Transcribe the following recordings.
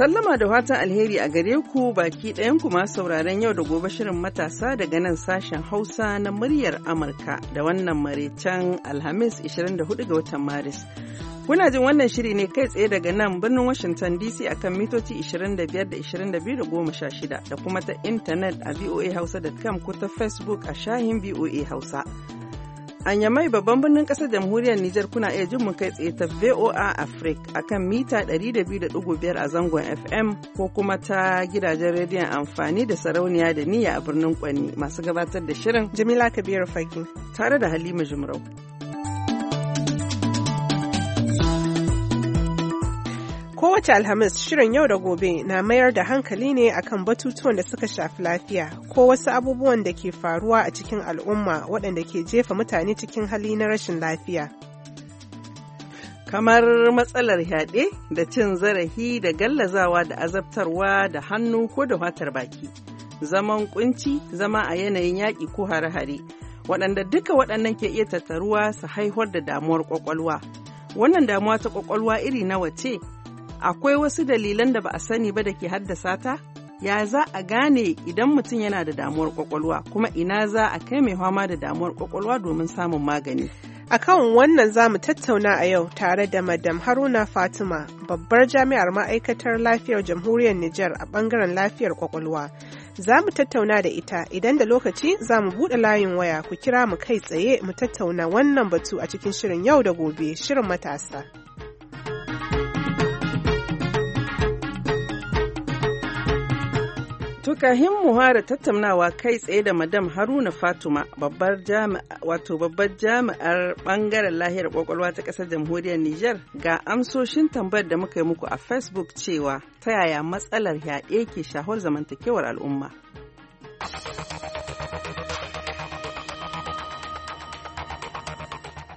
Sallama da fatan alheri a gare ku baki ɗayan ku ma sauraron yau da gobe shirin matasa daga nan sashen Hausa na muryar Amurka da wannan maraicen Alhamis 24 ga watan Maris. Kuna jin wannan shiri ne kai tsaye daga nan birnin Washington DC akan mitoci 25 da 22 da da kuma ta intanet a voahausa.com ko ta Facebook a shahin VOA Hausa. Anyamai Yamai babban birnin ƙasar jamhuriyar Nijar kuna iya jin mu kai tsaye ta VOA Africa akan mita 200.5 a zangon FM ko kuma ta gidajen rediyon amfani da sarauniya da niyya a birnin Kwani masu gabatar da shirin Jamila Kabiru Fagi tare da Halima Jumrau. Kowace Alhamis shirin yau da gobe na mayar da hankali ne akan batutuwan da suka shafi lafiya ko wasu abubuwan da ke faruwa a cikin al'umma waɗanda ke jefa mutane cikin hali na rashin lafiya. Kamar matsalar yaɗe da cin zarafi da gallazawa da azabtarwa da hannu ko da watar baki, zaman kunci zama a yanayin yaƙi ko hare-hare, waɗanda duka waɗannan ke iya tattaruwa su haihuwar da damuwar ƙwaƙwalwa. Wannan damuwa ta ƙwaƙwalwa iri nawa ce? akwai wasu dalilan da ba a sani ba da ke haddasa ta? Ya za a gane idan mutum yana da damuwar kwakwalwa kuma ina za a kai mai fama da damuwar kwakwalwa domin samun magani. A kan wannan za mu tattauna a yau tare da Madam Haruna Fatima, babbar jami'ar ma'aikatar lafiyar jamhuriyar Nijar a bangaren lafiyar kwakwalwa. Za mu tattauna da ita idan da lokaci za mu buɗe layin waya ku kira mu kai tsaye mu tattauna wannan batu a cikin shirin yau da gobe shirin matasa. To mu fara tattaunawa kai tsaye da Madam Haruna Fatuma babbar wato babbar jami'ar bangaren lahiyar kwakwalwa ta ƙasar jamhuriyar niger ga amsoshin tambayar da muka yi muku a Facebook cewa ta yaya matsalar yaɗe ke shahar zamantakewar al'umma.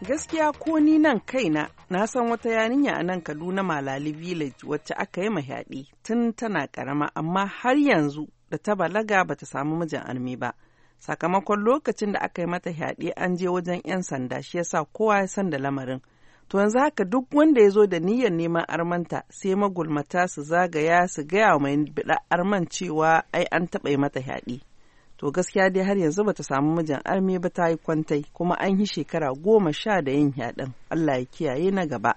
Gaskiya ko ni nan kaina na san wata yarinya a nan Kaduna Malali Village wacce aka yi mahaɗi tun tana karama amma har yanzu da ta balaga ba ta samu mijin armi ba sakamakon lokacin da aka yi mata fyaɗe an je wajen 'yan sanda shi yasa kowa ya san da lamarin to yanzu haka duk wanda ya zo da niyyar neman armanta sai magulmata su zagaya su gaya wa mai biɗa arman cewa ai an taɓa yi mata fyaɗe to gaskiya dai har yanzu bata samu mijin armi ba ta yi kwantai kuma an yi shekara goma sha da yin yaɗin allah ya kiyaye na gaba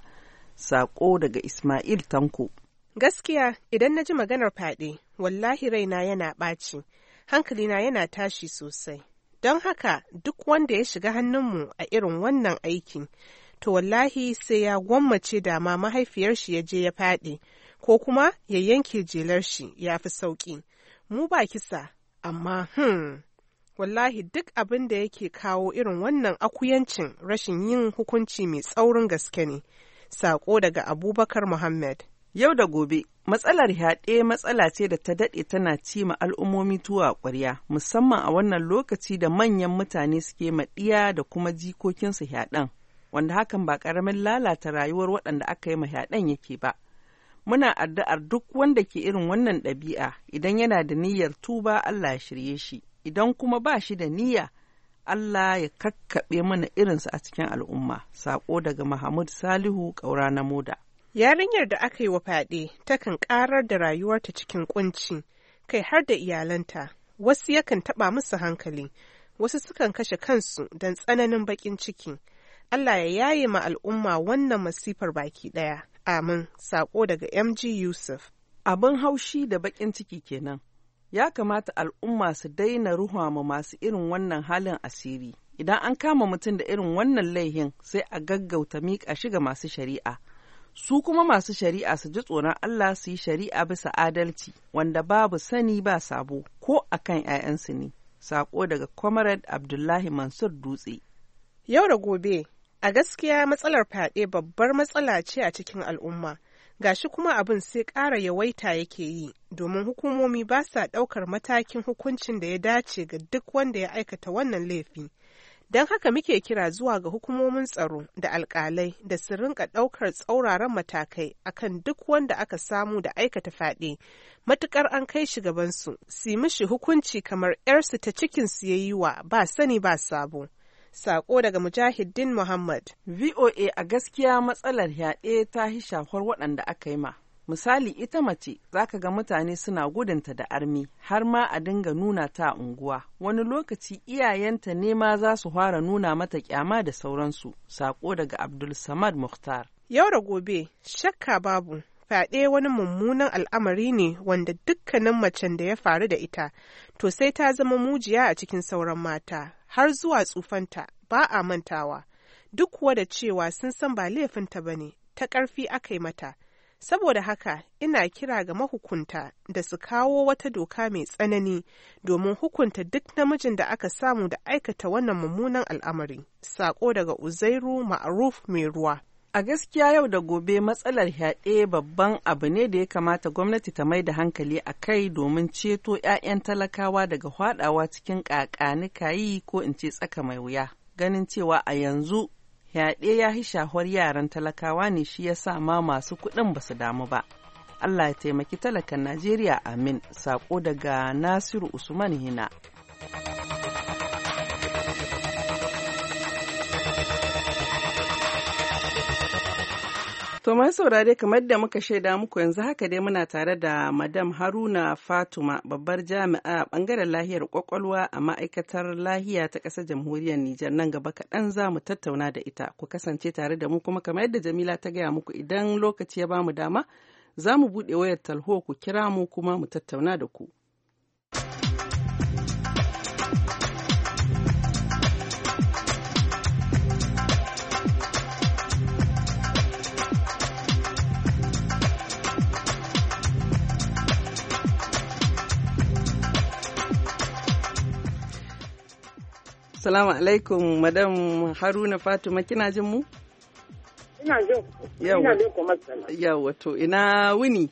sako daga ismail tanko Gaskiya idan na ji maganar fyaɗe, wallahi raina yana ɓaci, hankalina yana tashi sosai. Don haka duk wanda ya shiga hannunmu a irin wannan aikin, to wallahi sai ya gwammace dama mahaifiyar shi ya je ya faɗi, ko kuma ya yanke jelar shi ya fi sauƙi. Mu ba kisa, amma hmm. Wallahi duk abin da yake kawo irin wannan akuyancin rashin yin hukunci mai tsaurin gaske ne. Sako daga Abubakar Muhammad. Yau da gobe, matsalar yaɗe matsala ce da ta daɗe tana ci ma al'ummomi tuwa ƙwarya, musamman a wannan lokaci da manyan mutane suke maɗiya da kuma jikokinsu yaɗan, wanda hakan ba ƙaramin lalata rayuwar waɗanda aka yi ma yaɗan yake ba. Muna addu'ar duk wanda ke irin wannan ɗabi'a idan yana da niyyar tuba Allah ya shirye shi, idan kuma ba shi da niyya Allah ya kakkaɓe mana irinsu a cikin al'umma. Saƙo daga Mahmud Salihu ƙaura na moda. Yarinyar da aka yi wa fyaɗe takan ƙarar da rayuwarta cikin ƙunci, kai har da iyalanta, wasu yakan taɓa musu hankali, wasu sukan kashe kansu don tsananin baƙin ciki. Allah ya yaye ma al'umma wannan masifar baki ɗaya. Amin, saƙo daga MG Yusuf. Abin haushi da baƙin ciki kenan. Ya kamata al'umma su daina ma masu irin wannan halin asiri. Idan an kama mutum da irin wannan laihin sai a gaggauta miƙa shi ga masu shari'a. su kuma masu shari'a su ji tsoron Allah su yi shari'a bisa adalci wanda babu sani ba sabo ko a kan 'ya'yansu ne. Sako daga Comrade Abdullahi Mansur Dutse. Yau da gobe, a gaskiya matsalar fyaɗe babbar matsala ce a cikin al'umma. Gashi kuma abin sai ƙara yawaita yake yi, domin hukumomi ba sa ɗaukar matakin hukuncin da ya dace ga duk wanda ya aikata wannan laifi. Don haka muke kira zuwa ga hukumomin tsaro da alkalai da su rinka ɗaukar tsauraran matakai akan duk wanda aka samu da aikata fade, matukar an kai shi gabansu, su mishi hukunci kamar 'yarsu ta cikin ya yi wa ba sani ba sabo. Sako daga Mujahiddin Muhammad. VOA a gaskiya matsalar yaɗe ta shafar waɗanda aka yi ma. Misali ita mace za ka ga mutane suna gudunta da armi har ma a dinga nuna ta unguwa. Wani lokaci iyayenta ne ma za su fara nuna mata kyama da sauransu. Sako daga Abdul Samad Mukhtar. Yau da gobe, shakka babu. Fyaɗe wani mummunan al'amari ne wanda dukkanin macen da ya faru da ita, to sai ta zama mujiya a cikin sauran mata, har zuwa tsufanta ba a mantawa. Duk kuwa cewa sun san ba laifinta ba ne, ta ƙarfi aka yi mata. Saboda haka ina kira ga mahukunta da su kawo wata doka mai tsanani domin hukunta duk namijin da aka samu da aikata wannan mummunan al'amari. Sako daga Uzairu Ma'aruf mai ruwa. A gaskiya yau da gobe matsalar yaɗe babban abu ne da ya kamata gwamnati ta mai da hankali a kai domin ceto 'ya'yan talakawa daga hwadawa cikin ƙaƙanikayi ko in ce tsaka mai wuya. Ganin cewa a yanzu Yaɗe ya yi shahuwar yaran talakawa ne shi ya sa ma masu kuɗin ba su damu ba. Allah ya taimaki talakan Najeriya amin. saƙo daga Nasiru Usman Hina. To man saurare kamar da muka shaida muku yanzu haka dai muna tare da Madam Haruna Fatuma babbar jami'a bangaren lahiyar kwakwalwa a ma'aikatar lahiya ta ƙasar jamhuriyar Nijar nan gaba kaɗan za mu tattauna da ita ku kasance tare da mu kuma kamar yadda Jamila ta gaya muku idan lokaci ya bamu dama za mu buɗe wayar talho ku kira mu kuma mu tattauna da ku. Assalamu alaikum madam Haruna Fatima kina jin mu? Ina jin. Ina jin kuma Ya wato, ina wuni?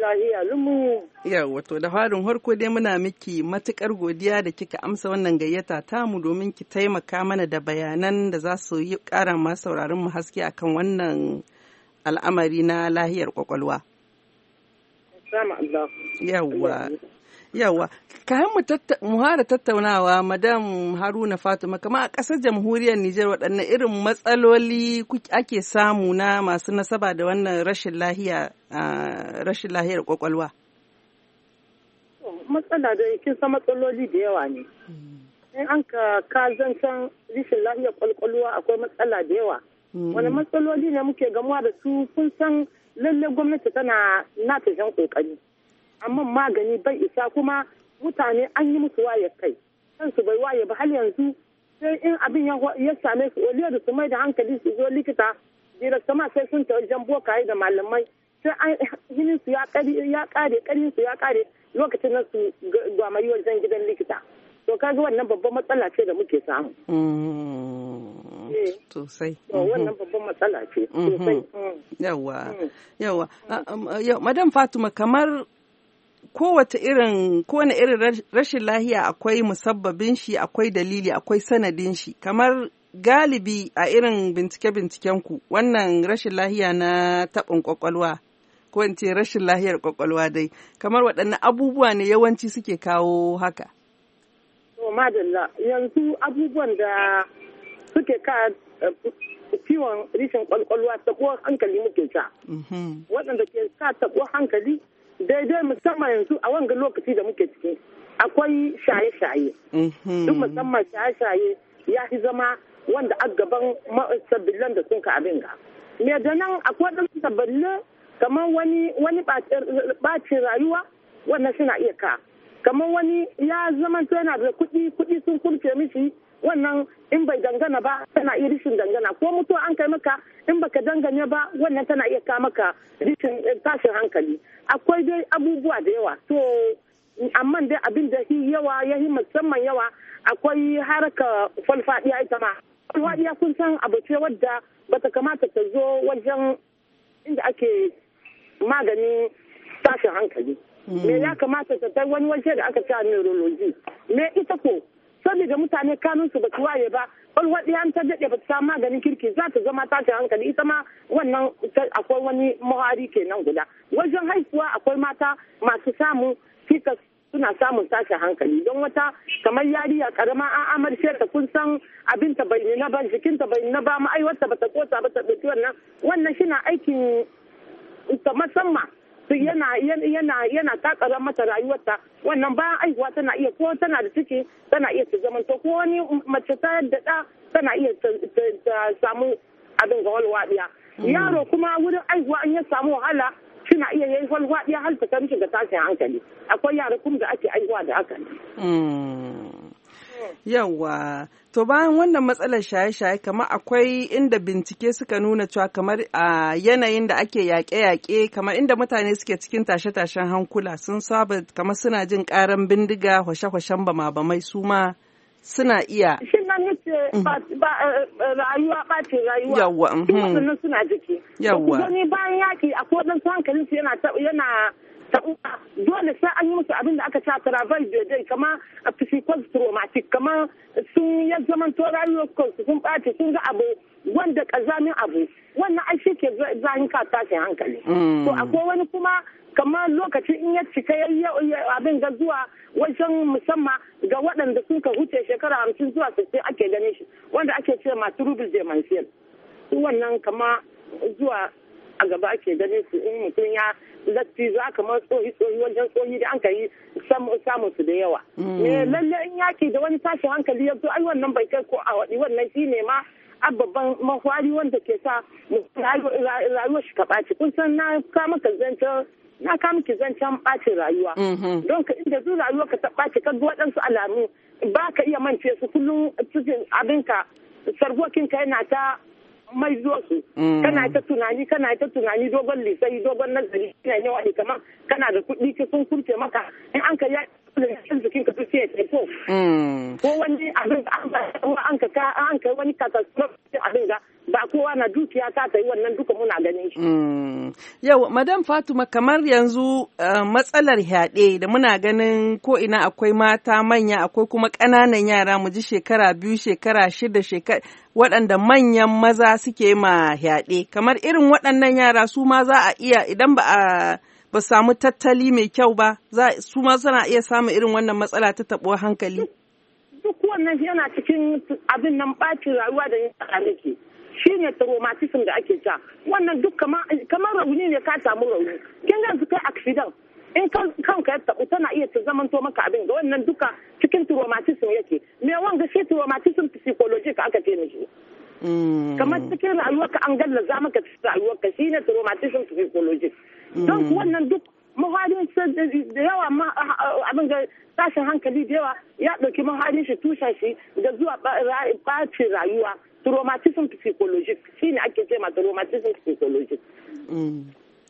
Lahiya lumu. Ya wato da farin harko dai muna miki matukar godiya da kika amsa wannan gayyata tamu domin ki taimaka mana da bayanan da za su yi ƙara ma sauraron mu haske akan wannan al'amari na lahiyar kwakwalwa. Yawwa. yawa kayan mu hara tattaunawa madam haruna fatima kama a ƙasar jamhuriyar nijar waɗanne irin matsaloli ake samu na masu nasaba da wannan rashin lahiya rashin lahiyar kwakwalwa matsala da kin san matsaloli da yawa ne hmm. in an ka ka zancen rashin lahiyar kwakwalwa akwai matsala da yawa hmm. wani matsaloli ne muke gamuwa da su kun san lallai gwamnati tana na ta jan kokari amma magani bai isa kuma mutane an yi musu waye kai kansu bai waye ba har yanzu sai in abin ya same su oliyo da su mai da hankali su zo likita direktama sai sun ta wajen bokaye da malamai sai jinin su ya kare karin su ya kare lokacin nan su gwamayi wajen gidan likita to kaga wannan babban matsala ce da muke samu mm. eh. sosai mm-hmm. wannan babban matsala ce sosai yawa mm-hmm. mm. yawa mm. ah, um, madam fatima kamar kowace irin kowane irin rashin lahiya akwai musabbabin shi akwai dalili akwai sanadin shi kamar galibi a irin bincike-binciken ku wannan rashin lahiya na taɓin kwakwalwa ko in ce rashin lahiyar kwakwalwa dai kamar waɗannan abubuwa ne yawanci suke kawo haka. To madalla yanzu abubuwan da suke ka eh, ciwon rishin ƙwaƙwalwa taɓuwar hankali muke sha. Mhm. Waɗanda ke sa taɓuwar hankali daidai musamman yanzu a wanga lokaci da muke ciki akwai shaye-shaye mhm. duk musamman shaye-shaye ya fi zama wanda a gaban sabilan da sun ka abin ga me da nan akwai ɗan saballe kamar wani wani bacin rayuwa wannan suna iya ka kamar wani ya zama yana da kuɗi kuɗi sun kurce mishi wannan in bai dangana ba tana iya rishin dangana ko mutuwa an kai maka in baka dangane ba wannan tana iya ka maka rishin eh, tashin hankali akwai dai abubuwa da yawa to amma dai abin da shi yawa ya yi musamman yawa akwai haraka falfadiya ita ma falfadiya kun san abu ce wadda bata kamata ta zo wajen inda ake maganin tashin hankali mm. me ya kamata ta kai wani waje da aka ce neurology me ita ko saboda mutane kanun su basu waye ba walwaɗi an ta daɗe ba ta maganin kirki za ta zama tashin hankali ita ma wannan akwai wani mahari kenan guda wajen haihuwa akwai mata masu samun fika suna samun tashin hankali don wata kamar yariya karama an amarce ta kun san abin ta bai nuna ba jikin ta bai nuna ba ma'aiwata ba ta kosa ba ta ɗauki wannan wannan shina aikin ta musamman yana yana yana takara mata rayuwarta wannan ba aihuwa tana iya ko tana da ciki tana iya ta zamanta ko wani mace ta da da tana iya ta samu abin ga walwaɗiya mm. yaro kuma wurin aihuwa an ya samu wahala suna iya yayi walwaɗiya har ta kan shiga tashin hankali akwai yara kuma da ake aihuwa da haka mm. Yawwa. To bayan wannan matsalar shaye-shaye kamar akwai inda bincike suka nuna cewa kamar a yanayin da ake yaƙe-yaƙe kamar inda mutane suke cikin tashe-tashen hankula sun saba kamar suna jin ƙaran bindiga hwashe-hwashen bama-bamai su ma suna iya. Shi na ce mhm. eh, eh, rayuwa ɓace rayuwa. Mhm. suna jiki. bayan yaƙi hankalin yana ta uwa dole sai an yi musu abin da aka sa travel daidai kama psychos traumatic kama sun ya zaman to rayuwar kansu sun ɓaci sun ga abu wanda ƙazamin abu wannan ai shi ke zahin ka tashin hankali mm. to akwai wani kuma kama lokacin in ya cika ya abin ga zuwa wajen musamman ga waɗanda sun ka huce shekara hamsin zuwa sassai ake gane shi wanda ake ce masu rubin demansiyan su wannan kama zuwa a gaba ake ganin su in mutum ya latti za kamar tsohi tsohi wajen tsohi da an ka yi samun su da yawa. Me mm. eh, lalle in yaki da wani tashin hankali ya zo ai wannan bai kai ko a waɗi wannan shi ne ma a babban mahwari wanda ke sa rayuwar shi ka ɓaci kun san na kama ka zancen na kama ki zancen ɓacin rayuwa. Mm-hmm. Don ka inda zu rayuwa ka ta ɓaci ka waɗansu alamu ba ka iya mance su kullum cikin abinka sarbokinka yana ta mai zuwa su mm. kana ta tunani kana ta tunani dogon lisai dogon nazari kina yawa ne kamar kana da kuɗi ki sun kurce maka in an ka ya kan jikin ka ko wani abin da an an ka ka ka wani na dukiya ta ta yi wannan duka muna ganin shi. Mm. Yau, Madam Fatuma kamar yanzu eh, matsalar yaɗe da muna ganin ko ina akwai mata manya akwai kuma ƙananan yara mu ji shekara biyu shekara shida shekara waɗanda manyan maza suke ma yaɗe kamar irin waɗannan yara su ma za a iya idan ba a ba samu tattali mai kyau ba su ma suna iya samun irin wannan matsala ta taɓo hankali. Duk wannan yana cikin abin nan ɓacin rayuwa da yin tsara shine traumatism da ake sha wannan duk kamar rauni ne ka samu rauni kin ga su kai accident in kanka ya tabu tana iya ta to maka abin da wannan duka cikin traumatism yake me wanga shi traumatism psychological aka ce mishi mm. kamar cikin ka an gallaza maka cikin ka shine traumatism psychological mm. don wannan duk muhalin da yawa ma abin ga tashin hankali da yawa ya ɗauki muhalin shi tushen shi da zuwa ɓacin rayuwa traumatism psychologic ne ake ce ma traumatism psychologic mm.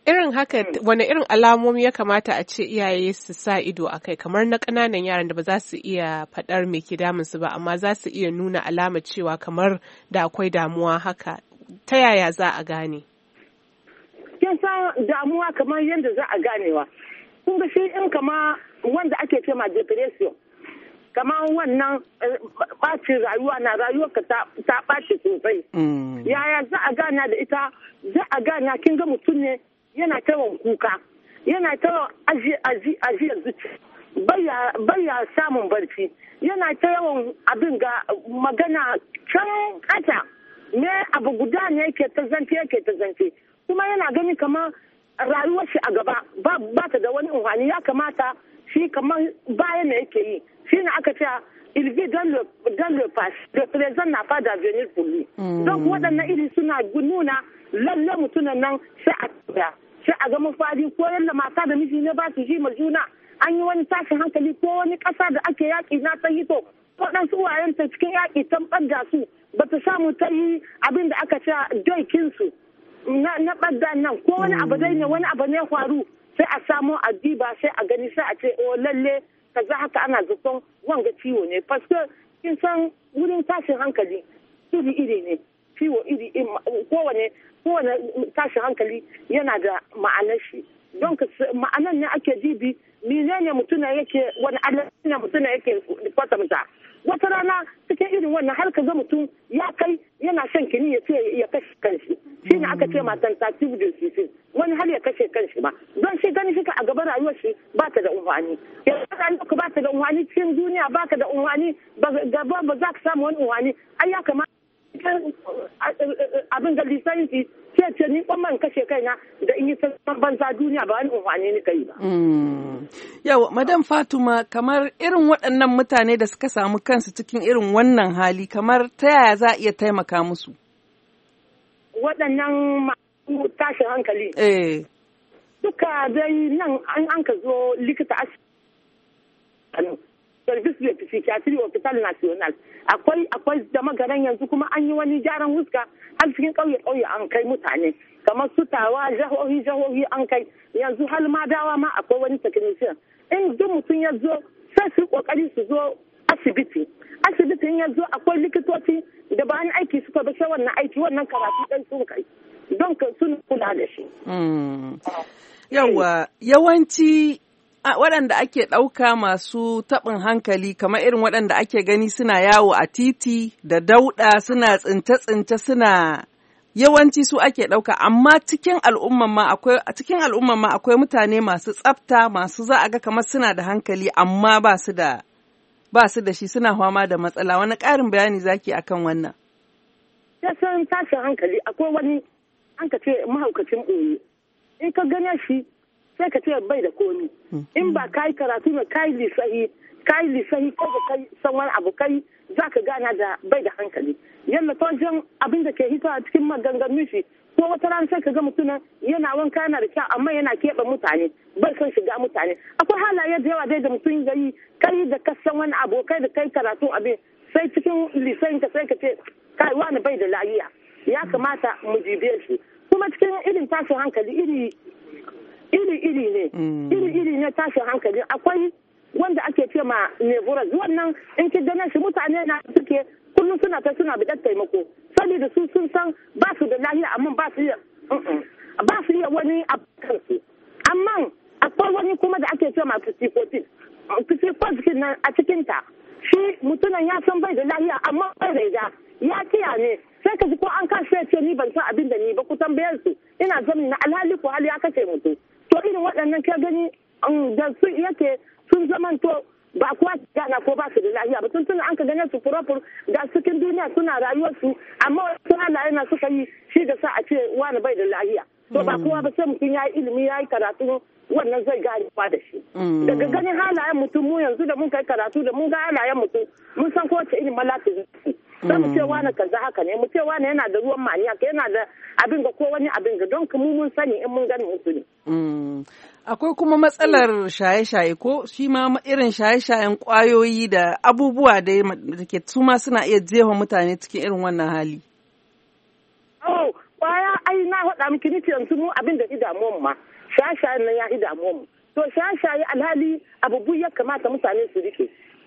irin haka mm. wani irin alamomi ya kamata a ce iyaye su sa ido a kai kamar na ƙananan yaran da ba za su iya faɗar me ke damun su ba amma za su iya nuna alama cewa kamar da akwai damuwa haka ta yaya za a gane kin sa damuwa kamar yadda za a ganewa kun ga shi in kama wanda ake ce depression kamar wannan eh, bacin rayuwa na ka ta bace sosai. Mm. Yaya za a gana da ita za a gana kin ga mutum ne yana tawon kuka yana tawon ajiyar zuci baya samun barci yana ta yawan abin ga magana can kata ne abu guda ne yake ta zance yake ta zance kuma yana gani kamar rayuwar shi a gaba ba ta da wani unhani ya kamata shi kamar bayan da yake yi shine aka il vit dans le dans le présent na pas d'avenir pour lui hmm. donc waɗannan iri suna nuna lalle mutumin nan sai a tsaya sai a ga mafari ko yalla mata da miji ne ba su ji ma juna an yi wani tashin hankali ko wani ƙasa da ake yaƙi na ta hito waɗansu wayan ta cikin yaƙi tan ɓadda su ba ta samu ta yi abin da aka ce su na ɓadda nan ko wani abu zai ne wani abu ne faru sai a samu a sai a gani sai a ce o oh, lalle kaza haka ana zaton wanga ciwo ne paske kin san wurin tashin hankali iri iri ne ciwo iri kowane kowane tashin hankali yana da ma'anar shi don ma'anar ne ake dibi menene mutuna yake wani alaƙi ne mutuna yake kwatanta wata rana cikin irin wannan har ka ga mutum ya kai yana shan kini ya ce ya kashe kanshi shi ne aka ce ma tentative de suicide wani har ya kashe kanshi ma don shi gani ka a gaba rayuwar shi ba ta da umfani ya da unwani cikin duniya baka da unwani gaba ba za ka samu wani unwani ai ya kamata abin da lisanci ce ce ni kuma in kashe kaina da in yi san banza duniya ba wani unwani ni kai ba. Hmm. Yau, Madam Fatuma, kamar irin waɗannan mutane da suka samu kansu cikin irin wannan hali, kamar ta yaya za a iya taimaka musu? Waɗannan masu tashin hankali. Eh. Duka dai nan an ka zo likita asibiti. tsaro service de psychiatry hospital national akwai akwai da magaran yanzu kuma an yi wani gyaran huska har cikin kauye ƙauye an kai mutane kamar su tawa jahohi jahohi an kai yanzu har ma dawa ma akwai wani technician in duk mutum ya zo sai su kokari su zo asibiti asibitin ya zo akwai likitoci da bayan aiki suka bi sai wannan aiki wannan karatu dan sun kai don sun kula da shi mm. yawa yawanci waɗanda ake ɗauka masu taɓin hankali kamar irin waɗanda ake gani suna yawo a titi da dauɗa suna tsinta-tsinta suna yawanci su ake ɗauka amma cikin al'umman ma akwai mutane masu tsafta masu za a ga kamar suna da hankali amma ba su da ba su da shi suna fama da matsala wani ƙarin bayani zaki akan wannan san tashin hankali akwai wani an ka ce mahaukacin in ka gane shi sai ka ce bai da komi mm. in ba kai karatu ne kai lisahi kai lisahi ko ba kai san wani abu kai za gana da bai da hankali yalla to abin da ke hitowa cikin maganganu shi ko wata rana sai ka ga mutumin yana wanka yana da kyau amma yana keɓe mutane bai son shiga mutane akwai halaye da yawa dai da mutum ya yi kai da ka san wani abokai da kai karatu abin sai cikin lisan ka sai ka ce kai wani bai da lafiya ya kamata mu jibe shi kuma cikin irin tashin hankali iri iri-iri ne iri-iri mm. ne tashin hankali akwai wanda ake ce ma nevoras wannan in ki ganin shi mutane na suke kullum suna ta suna bidan taimako saboda su sun san ba su da lahiya amma ba su iya ba su iya wani a kansu amma akwai wani kuma da ake ce ma psychotic psychotic nan a cikin ta shi mutumin ya san bai da lahiya amma bai raida ya kiya ne sai ka ji ko an kashe ce ni ban san abin da ni ba ku tambayar su ina zamin na alhali ko hali ya kashe mutum to irin waɗannan ka gani um, da su yake sun zamanto ba kuwa gana ko ba su da lahiya ba tun an ka gane su furofur ga cikin duniya suna rayuwar su amma wasu halaye na suka yi shi da sa a ce wani bai da lahiya to ba kowa ba sai mutum ya yi ilimi ya yi karatu wannan zai gane ba da shi mm. daga ganin halayen mutum mu yanzu da mun kai karatu da mun ga halayen mutum mun san ko ce irin malafi sai mu ce hmm. wani kaza haka ne mu ce wani yana da ruwan mani haka yana da abin ga ko wani abin ga don mu mun sani in mun gani su ne hmm. akwai kuma matsalar shaye-shaye ko shi ma irin shaye-shayen kwayoyi da abubuwa da ke su ma suna iya jefa mutane cikin irin wannan hali oh kwaya ai na faɗa miki ni yanzu mu abin da mu ma shaye-shayen nan ya ida mu to shaye-shaye alhali abubu ya kamata mutane su rike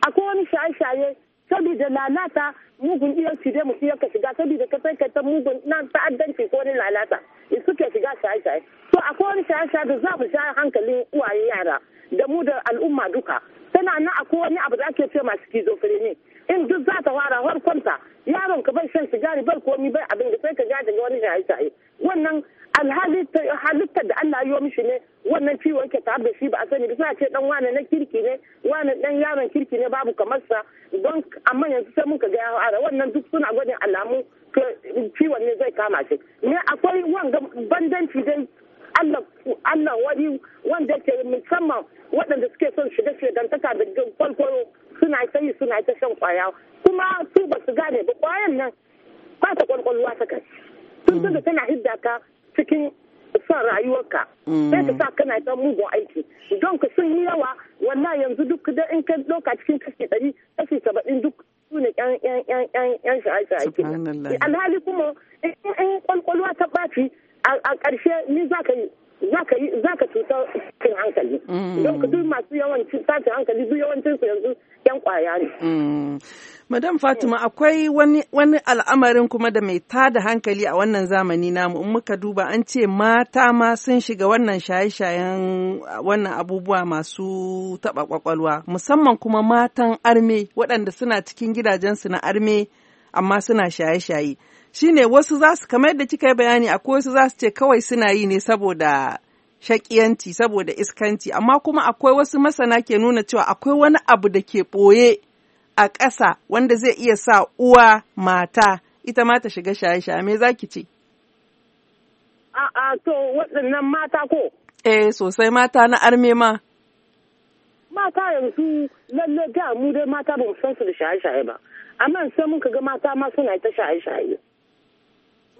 akwai wani shaye-shaye saboda lalata mugun iya fide mu iya yanka shiga saboda ka sai kai ta mugun nan ta'addanci ko ni lalata in suke shiga shaye-shaye to akwai wani shaye-shaye da za mu sha hankalin uwaye yara da mu da al'umma duka tana nan akwai wani abu da ake ce masu schizophrenia in duk za ta wara har kwanta yaron ka bai shan sigari bai komi bai abin da sai ka ga daga wani shaye-shaye wannan halittar da Allah yi mishi ne wannan ciwon ke tare da shi ba a sani bisa ce dan wane na kirki ne wane dan yaron kirki ne babu kamar sa don amma yanzu sai muka ga ya ara wannan duk suna gwadin alamu ciwon ne zai kama shi ne akwai wanga bandanci dai Allah Allah wani wanda ke musamman waɗanda suke son shiga shedantaka da kwalkwalo suna sai suna ta shan kwaya kuma su ba su gane ba kwayan nan ba ta kwalkwalwa ta kai sun tunda tana hidda ka cikin sa rayuwarka mm. sai ka sa kana ta mugun aiki don ka sun yi yawa wannan yanzu duk da in ka doka cikin kashi ɗari kashi saba'in duk su ne ƴan ƴan ƴan yan yan shaye alhali kuma in kwalkwalwa ta ɓaci a ƙarshe ni za ka yi za ka cuta cikin hankali mm. don duk masu yawancin tashin hankali duk yawancin su yanzu yan kwaya ne mm. madam fatima akwai wani al'amarin kuma da mai tada hankali a wannan zamani na in muka duba an ce mata ma sun shiga wannan shaye-shayen wannan abubuwa masu taɓa kwakwalwa musamman kuma matan arme waɗanda suna cikin gidajensu na arme amma suna shaye-shaye shine wasu za su kamar da kika yi bayani akwai wasu za su ce kawai suna yi ne saboda shakiyanci saboda iskanci amma kuma akwai wasu masana ke nuna cewa akwai wani abu da ke ɓoye a ƙasa wanda zai iya sa uwa mata ita ma ta shiga shaye-shaye me za ki ce? A'a to waɗannan mata ko? Eh sosai mata na arme ma. Mata yanzu lalle da mu da mata ba mu san su da shaye-shaye ba. Amma sai mun ga mata ma suna ta shaye-shaye.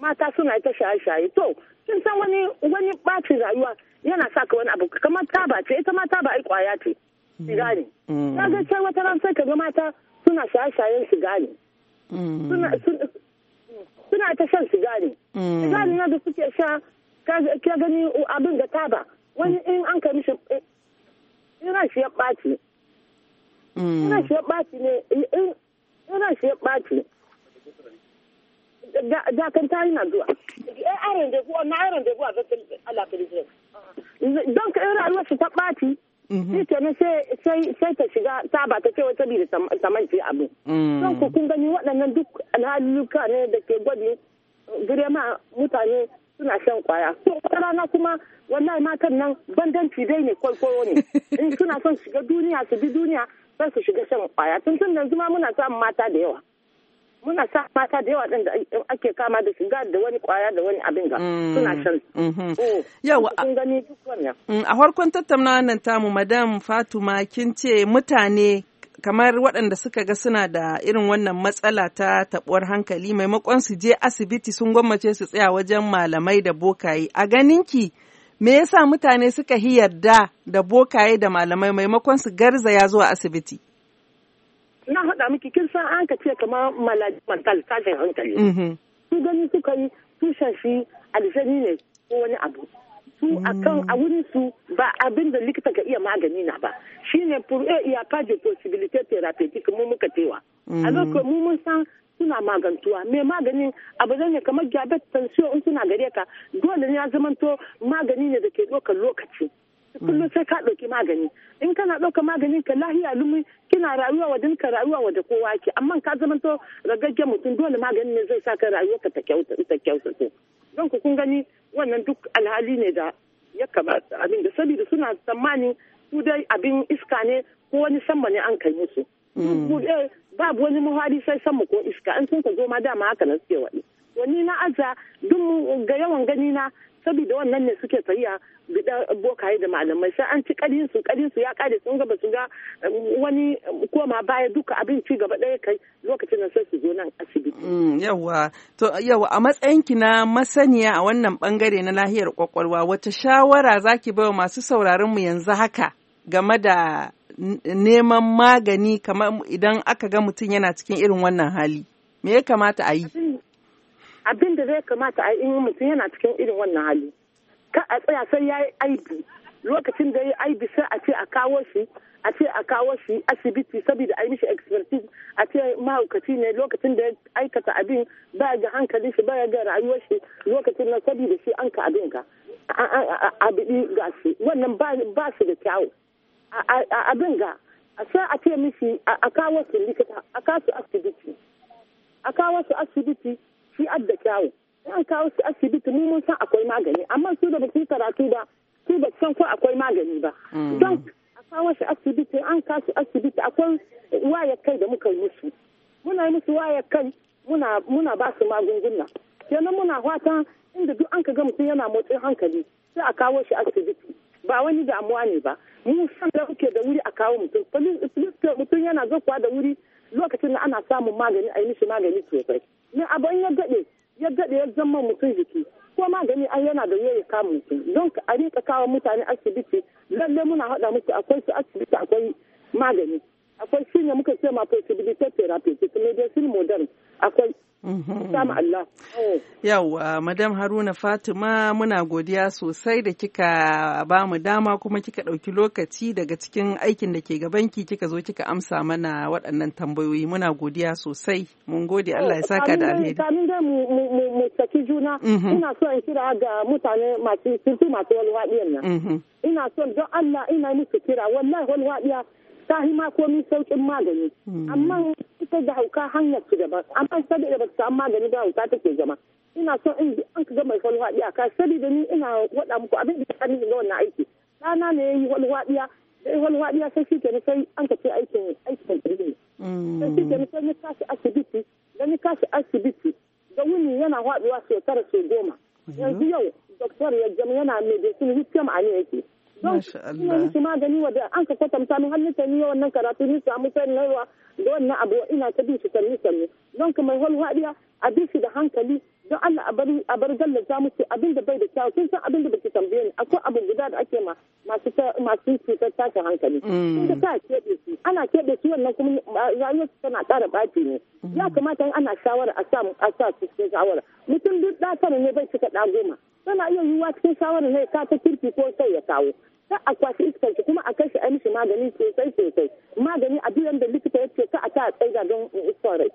mata suna ta shaye-shaye to kin san wani wani bacin rayuwa yana sa ka wani abu kamar taba ce ita ma taba ai kwaya ce sigari na mm. ga cewa wata ran sai ka ga mata suna shaye-shayen sigari mm. suna ta shan sigari mm. sigari na da suke sha ka gani abin da taba wani in an kai mishi in ran shi ya ɓaci in ran shi ya ɓaci ne in ran shi ya ɓaci da kan ta na zuwa aron da zuwa, na aron da a zafin a la don ka rayuwar su ta ɓaci mhm. shi na sai ta shiga ta ba ta cewa da samanci abu mm. don ku kun gani waɗannan duk alhaluluka ne da ke gwadi girma mutane suna shan kwaya to rana kuma wallahi matan nan bandanci dai ne kwaikwayo ne in suna son shiga duniya su bi duniya sai su shiga shan kwaya tun tun yanzu ma muna samun mata da yawa muna sa mata da yawa ɗin da ake kama da shiga da wani kwaya da wani abin ga mm. suna shan mm-hmm. oh, yawa a gani mm, a farkon tattaunawa wannan tamu madam fatuma kin ce mutane kamar waɗanda suka ga suna da irin wannan matsala ta taɓuwar hankali maimakon su je asibiti sun gwammace su tsaya wajen malamai da bokaye a ganin ki, me yasa mutane suka hi yarda da bokaye da malamai maimakon su garzaya zuwa asibiti na haɗa miki kin san an ka ce kamar mental tashin hankali mm-hmm. su gani suka yi tushen shi aljani ne ko wani abu su mm. a kan a wurin su ba abin da likita ka iya magani na ba shine pour eux eh, il y a pas de possibilité thérapeutique mu muka tewa mm. alors que mu mun san suna magantuwa me maganin abu ne kamar diabetes tension in suna gare ka dole ne ya zamanto magani ne da ke ɗaukar lokaci kullum mm. sai ka ɗauki magani in kana ɗauka maganin ka lahiya lumi kina rayuwa wa ka rayuwa da kowa ke amma ka zama to ragagge mutum dole maganin ne zai sa ka rayuwa ka ta to don ku kun gani wannan duk alhali ne da ya kamata abin da saboda suna tsammanin su dai abin iska ne ko wani samba ne an kai musu mm. eh, babu wani muhari sai samma ko iska an sun ka zo ma dama haka na suke waɗi wani na aza duk ga yawan gani na saboda wannan ne suke tsayya bida bokaye da malamai sai an ci karin su karin su ya kare sun ga ba su ga um, wani um, koma baya duka abin ci gaba ɗaya kai lokacin da sai su zo nan asibiti. Mm, yawa to yawa a matsayin ki na masaniya a wannan bangare na lahiyar kwakwalwa wata shawara zaki baiwa masu sauraron mu yanzu haka game da neman magani kamar idan aka ga mutum yana cikin irin wannan hali me ya kamata a yi? abin da zai kamata a yi mutum yana cikin irin wannan hali ka a tsaya sai ya yi aibi lokacin da ya yi aibi sai a ce a kawo shi a ce a kawo shi asibiti saboda a yi mishi expertise a ce mahaukaci ne lokacin da ya aikata abin ba ya ga hankali shi ba ya ga rayuwar shi lokacin na saboda shi an ka abin ka a biɗi ga shi wannan ba su da kyawu abin ga sai a ce mishi a kawo su likita a kawo su asibiti a kawo su asibiti shi adda kyawu an kawo su asibiti mu mun san akwai magani amma su da basu karatu ba su ba san ko akwai magani ba mm. don a kawo shi asibiti an kawo su asibiti akwai waya kai da muka yi musu muna yi musu waya kai muna muna ba su magunguna kenan muna fatan inda duk an ka ga mutum yana motsin hankali sai a kawo shi asibiti ba wani damuwa ne ba mu san da muke da wuri a kawo mutum mutum yana zakuwa da wuri lokacin da ana samun magani a yi mishi magani sosai in abin ya daɗe ya daɗe ya zama mutum jiki ko magani ai yana da yayi kama mutum don a rika kawo mutane asibiti lalle muna haɗa musu akwai su asibiti akwai magani akwai shi ne muka ce ma possibility therapy medicine modern akwai Yawwa, Madam Haruna Fatima muna godiya sosai da kika ba mu dama kuma kika ɗauki lokaci daga cikin aikin da ke gabanki kika zo kika amsa mana waɗannan tambayoyi muna godiya sosai. Mun gode Allah ya saka da alheri. Kamin da mu saki juna, mhm. ina so in kira ga mutane masu masu walwaɗiyar nan. Mhm. Ina so don Allah ina musu kira, wallahi walwaɗiya ta yi ma komi saukin magani hmm. amma ita da hauka hanyar su gaba amma saboda ba su samu magani da hauka take zama ina so in an ka gama wani a ka saboda ni ina waɗa muku abin da ta kani ga wannan aiki ɗana ne ya yi wani waɗiya da ya wani waɗiya sai shi ke sai an ka ce aikin aikin ne hmm. sai shi ke sai ni kashi asibiti da ni kashi asibiti da wuni yana waɗuwa shekara sau goma yanzu yau doktor ya jama yana medicine lithium a ne yake don ina miki magani wadda an ka kwatanta min hannun ta ni wannan karatu ni samu sanarwa da wannan abu ina ta bi shi sanni sanni don mai walwadiya a bi shi da hankali don Allah a bar gallata musu abin da bai da kyau sun san abin da baki tambaye ni akwai abu guda da ake ma masu masu cutar tashin hankali kin mm. ta ka kebe su ana kebe su wannan kuma rayuwar tana ƙara ɓaci ne mm. ya kamata in ana shawara a sa a sa su cikin shawara mutum duk ta ne bai cika da goma tana iya yiwuwa cikin shawara ne ka ta kirki ko sai ya kawo ta a kwashi iskar kuma a kai shi a mishi magani sosai sosai magani a biyan da likita ya ce ka a ta a tsaida don iskar rai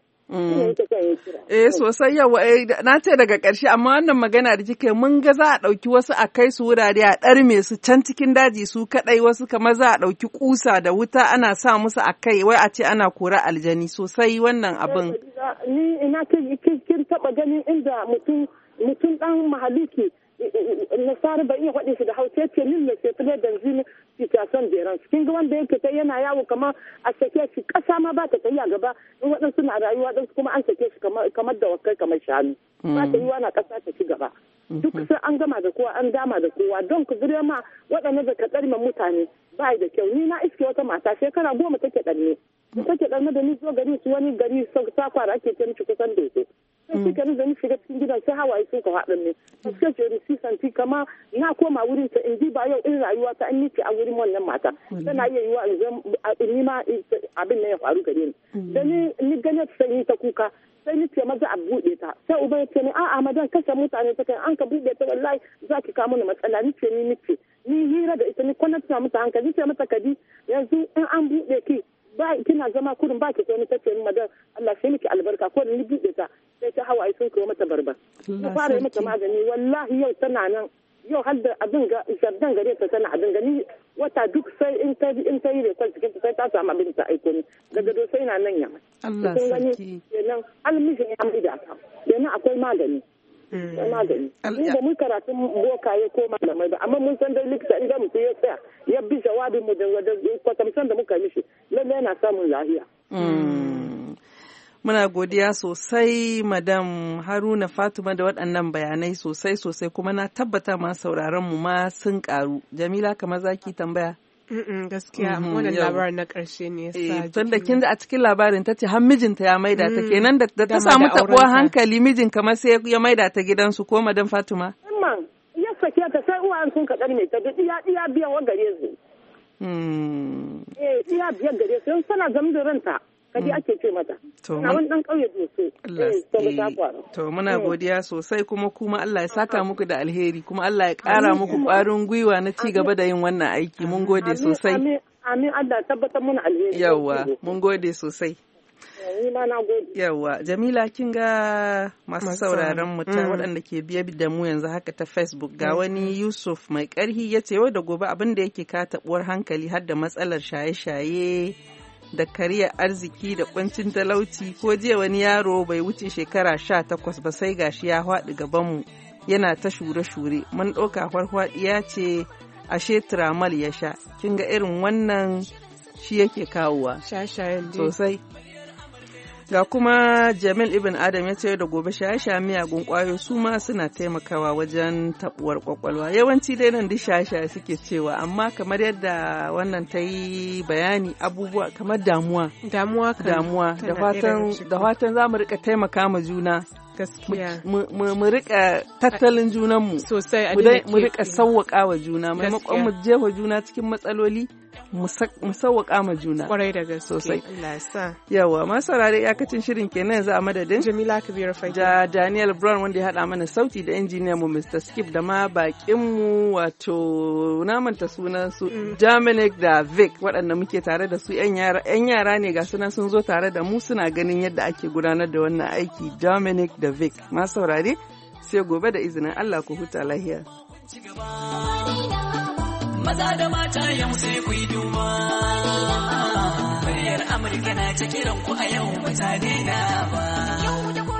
Eh sosai yawa eh, na ce daga karshe amma wannan magana da kike mun ga za a ɗauki wasu a kai su wurare a ɗarme su can cikin daji su kaɗai wasu kama za a ɗauki kusa da wuta ana sa musu a kai wai a ce ana kora aljani sosai wannan abin. Ni ina kin taɓa ganin inda mutum mutum ɗan mahaliki nasara ba iya faɗin su da hausa ce min ke fi da zini situation jeran kin ga wanda yake ta yana yawo kamar a sake shi kasa ma ba ta tafiya gaba in waɗansu na rayuwa waɗansu kuma an sake shi kamar da wakai kamar shanu ba ta mm. yi na kasa ta ci gaba mm-hmm. duk sai an gama da kowa an dama da kowa don ku gure ma waɗanda da ka tsarman mutane ba da kyau ni na iske wata mata shekara goma take ɗanne take ɗanne da ni zo gari su wani gari sakwara ake ce miki kusan doso sai ka mm. kenan ni shiga cikin gidan sai hawaye sun kawo ɗanne. Suke jeri sisanti kama na koma wurin ta in ji ba yau in rayuwa ta an yi ce a irin wannan mata tana iya yiwa ni ma eh, abin nan ya faru gare ni mm. da ni ganin sai ta kuka sai ni ce maza a buɗe ta sai uban ya ce ni a'a madan kashe mutane ta kai an ka buɗe ta wallahi za ki kawo mana matsala ni ce ni ce ni hira da ita ni kwanata mata hankali ce mata kadi yanzu in an buɗe ki ba kina zama kurin ba ki zaune tace min madan Allah sai miki albarka ko ni bude ta sai ta hawaye sun kawo mata barba na fara mata magani wallahi yau tana nan yau har da abin ga zardan gare ta tana abin gani wata duk sai in ta in ta yi rekol cikin ta sai ta samu abin ta aiko ni daga do sai na nan yamma Allah sarki kenan almijin ya mai da ka kenan akwai magani hmm. akwai magani mun ba mun karatun bokaye ko malamai ba amma mun san dai likita inda mutum ya tsaya ya bi jawabin mu da kwatamsan da muka mishi lallai yana samun lafiya hmm. Muna godiya sosai madam Haruna Fatima da waɗannan bayanai sosai sosai kuma na tabbata ma sauraron mu ma sun karu. Jamila kamar zaki tambaya. gaskiya mm-hmm, wannan labarin na ƙarshe ne yasa eh, tun da kin a cikin labarin ta ce har mijinta ya maida ta mm, kenan da ta samu taɓuwar hankali mijin kamar sai ya maida ta gidansu ko madam Fatima man ya sake ta sai uwan sun ka ne ta iya iya biyan wa gare su hmm. eh iya biyan gare su sun sana zamdurin kaji mm. ake ce mata na wani dan kauye doso to muna eh. godiya sosai kuma kuma Allah ya saka muku da alheri kuma Allah ya kara muku kwarin gwiwa na ci gaba da yin wannan aiki mun gode sosai amin Allah tabbatar muna alheri yawa mun gode sosai eh, Yawwa, Jamila kin ga masu sauraron mutum mm. waɗanda ke biya da mu yanzu haka ta Facebook ga mm. wani Yusuf mai ƙarhi ya ce yau da gobe abin da yake ka taɓuwar hankali har da matsalar shaye-shaye da kariyar arziki da kwancin talauci ko jiya wani yaro bai wuce shekara sha takwas ba sai gashi ya haɗu gabanmu yana ta shure-shure mun ɗauka farfaɗiya ce ashe tiramal ya sha kin ga irin wannan shi yake kawowa sosai Ga kuma Jamil Ibn Adam ya ce da gobe shaye-shaye miyagun kwayo su ma suna taimakawa wajen tabuwar kwakwalwa. Yawanci dai nan duk shaye-shaye suke cewa amma kamar yadda wannan ta yi bayani abubuwa kamar Damuwa Damuwa da fatan za mu rika taimaka ma juna gaskiya mu rika tattalin junanmu sosai a mu rika sauwaka wa juna maimakon mu je wa juna cikin matsaloli mu sauwaka ma juna kwarai da gaske sosai yawa masara da iyakacin shirin kenan yanzu a madadin Jamila Kabir Fage da Daniel Brown wanda ya hada mana sauti da injiniya mu Mr Skip da ma bakin mu wato namanta sunan su mm. Dominic da Vic waɗanda muke tare da su yara yan yara ne ga sunan sun zo tare da mu suna ganin yadda ake gudanar da wannan aiki Dominic da Vic. Masu saurare sai gobe da izinin Allah ku huta lahiya. Maza da mata yau sai ku yi duba. Muryar Amurka na ta kiran ku a yau mutane na ba.